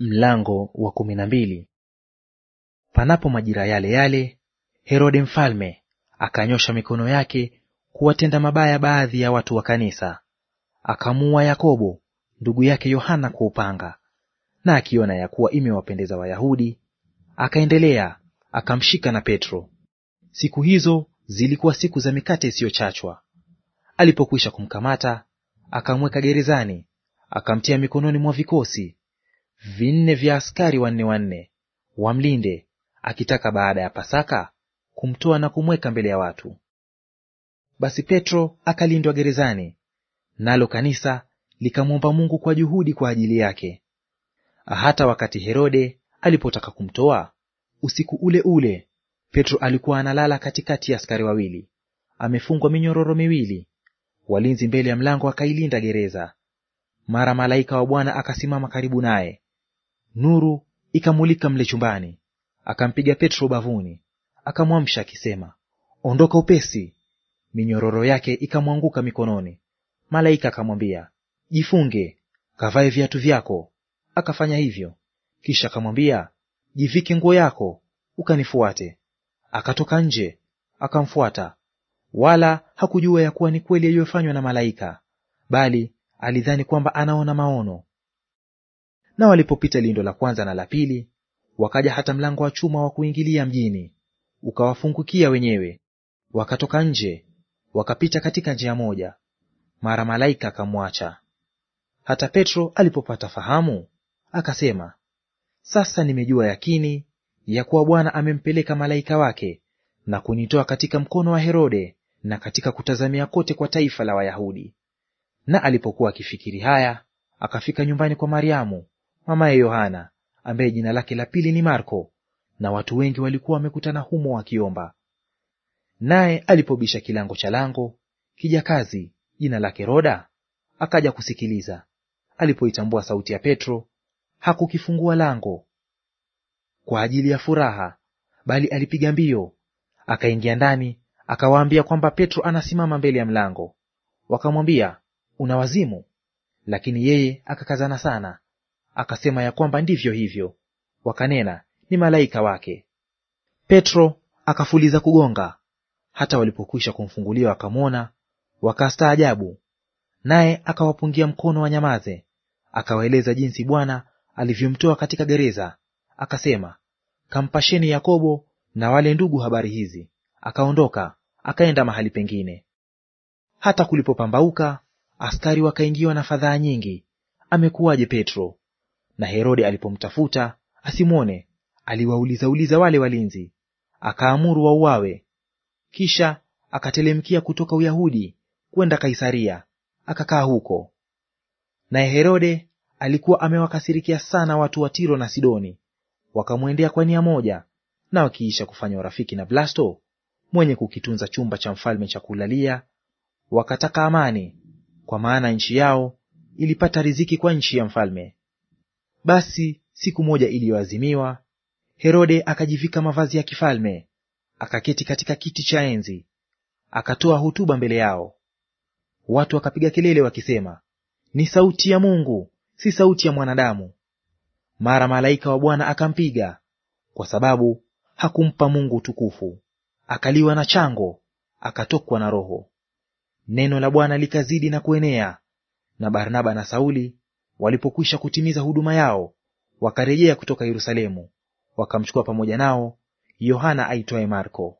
Mlango wa kumi na mbili. Panapo majira yale yale, Herode mfalme akanyosha mikono yake kuwatenda mabaya baadhi ya watu wa kanisa, akamuua Yakobo ndugu yake Yohana kwa upanga. Na akiona ya kuwa imewapendeza Wayahudi, akaendelea akamshika na Petro. Siku hizo zilikuwa siku za mikate isiyochachwa. Alipokwisha kumkamata, akamweka gerezani, akamtia mikononi mwa vikosi vinne vya askari wanne wanne, wamlinde, akitaka baada ya Pasaka kumtoa na kumweka mbele ya watu. Basi Petro akalindwa gerezani, nalo kanisa likamwomba Mungu kwa juhudi kwa ajili yake. Hata wakati Herode alipotaka kumtoa, usiku ule ule Petro alikuwa analala katikati ya askari wawili, amefungwa minyororo miwili. Walinzi mbele ya mlango akailinda gereza. Mara malaika wa Bwana akasimama karibu naye, Nuru ikamulika mle chumbani, akampiga Petro ubavuni, akamwamsha akisema, ondoka upesi. Minyororo yake ikamwanguka mikononi. Malaika akamwambia, jifunge, kavae viatu vyako. Akafanya hivyo. Kisha akamwambia, jivike nguo yako, ukanifuate. Akatoka nje, akamfuata, wala hakujua ya kuwa ni kweli yaliyofanywa na malaika, bali alidhani kwamba anaona maono. Na walipopita lindo la kwanza na la pili, wakaja hata mlango wa chuma wa kuingilia mjini, ukawafungukia wenyewe. Wakatoka nje, wakapita katika njia moja, mara malaika akamwacha. Hata Petro alipopata fahamu, akasema, sasa nimejua yakini ya kuwa Bwana amempeleka malaika wake na kunitoa katika mkono wa Herode na katika kutazamia kote kwa taifa la Wayahudi. Na alipokuwa akifikiri haya, akafika nyumbani kwa Mariamu mamaye Yohana, ambaye jina lake la pili ni Marko, na watu wengi walikuwa wamekutana humo wakiomba. Naye alipobisha kilango cha lango, kijakazi jina lake Roda akaja kusikiliza. Alipoitambua sauti ya Petro, hakukifungua lango kwa ajili ya furaha, bali alipiga mbio akaingia ndani, akawaambia kwamba Petro anasimama mbele ya mlango. Wakamwambia, una wazimu? Lakini yeye akakazana sana, akasema ya kwamba ndivyo hivyo, wakanena ni malaika wake. Petro akafuliza kugonga, hata walipokwisha kumfungulia wakamwona, wakastaajabu. Naye akawapungia mkono wanyamaze, akawaeleza jinsi Bwana alivyomtoa katika gereza, akasema, kampasheni Yakobo na wale ndugu habari hizi. Akaondoka akaenda mahali pengine. Hata kulipopambauka, askari wakaingiwa na fadhaa nyingi, amekuwaje Petro? Na Herode alipomtafuta asimwone, aliwaulizauliza wale walinzi, akaamuru wauawe. Kisha akatelemkia kutoka Uyahudi kwenda Kaisaria, akakaa huko. Naye Herode alikuwa amewakasirikia sana watu wa Tiro na Sidoni, wakamwendea kwa nia moja, na wakiisha kufanya urafiki na Blasto mwenye kukitunza chumba cha mfalme cha kulalia, wakataka amani, kwa maana nchi yao ilipata riziki kwa nchi ya mfalme. Basi siku moja iliyoazimiwa, Herode akajivika mavazi ya kifalme, akaketi katika kiti cha enzi, akatoa hotuba mbele yao. Watu wakapiga kelele wakisema, ni sauti ya Mungu, si sauti ya mwanadamu. Mara malaika wa Bwana akampiga, kwa sababu hakumpa Mungu utukufu. Akaliwa na chango, akatokwa na Roho. Neno la Bwana likazidi na kuenea, na Barnaba na Sauli Walipokwisha kutimiza huduma yao, wakarejea kutoka Yerusalemu, wakamchukua pamoja nao Yohana aitwaye Marko.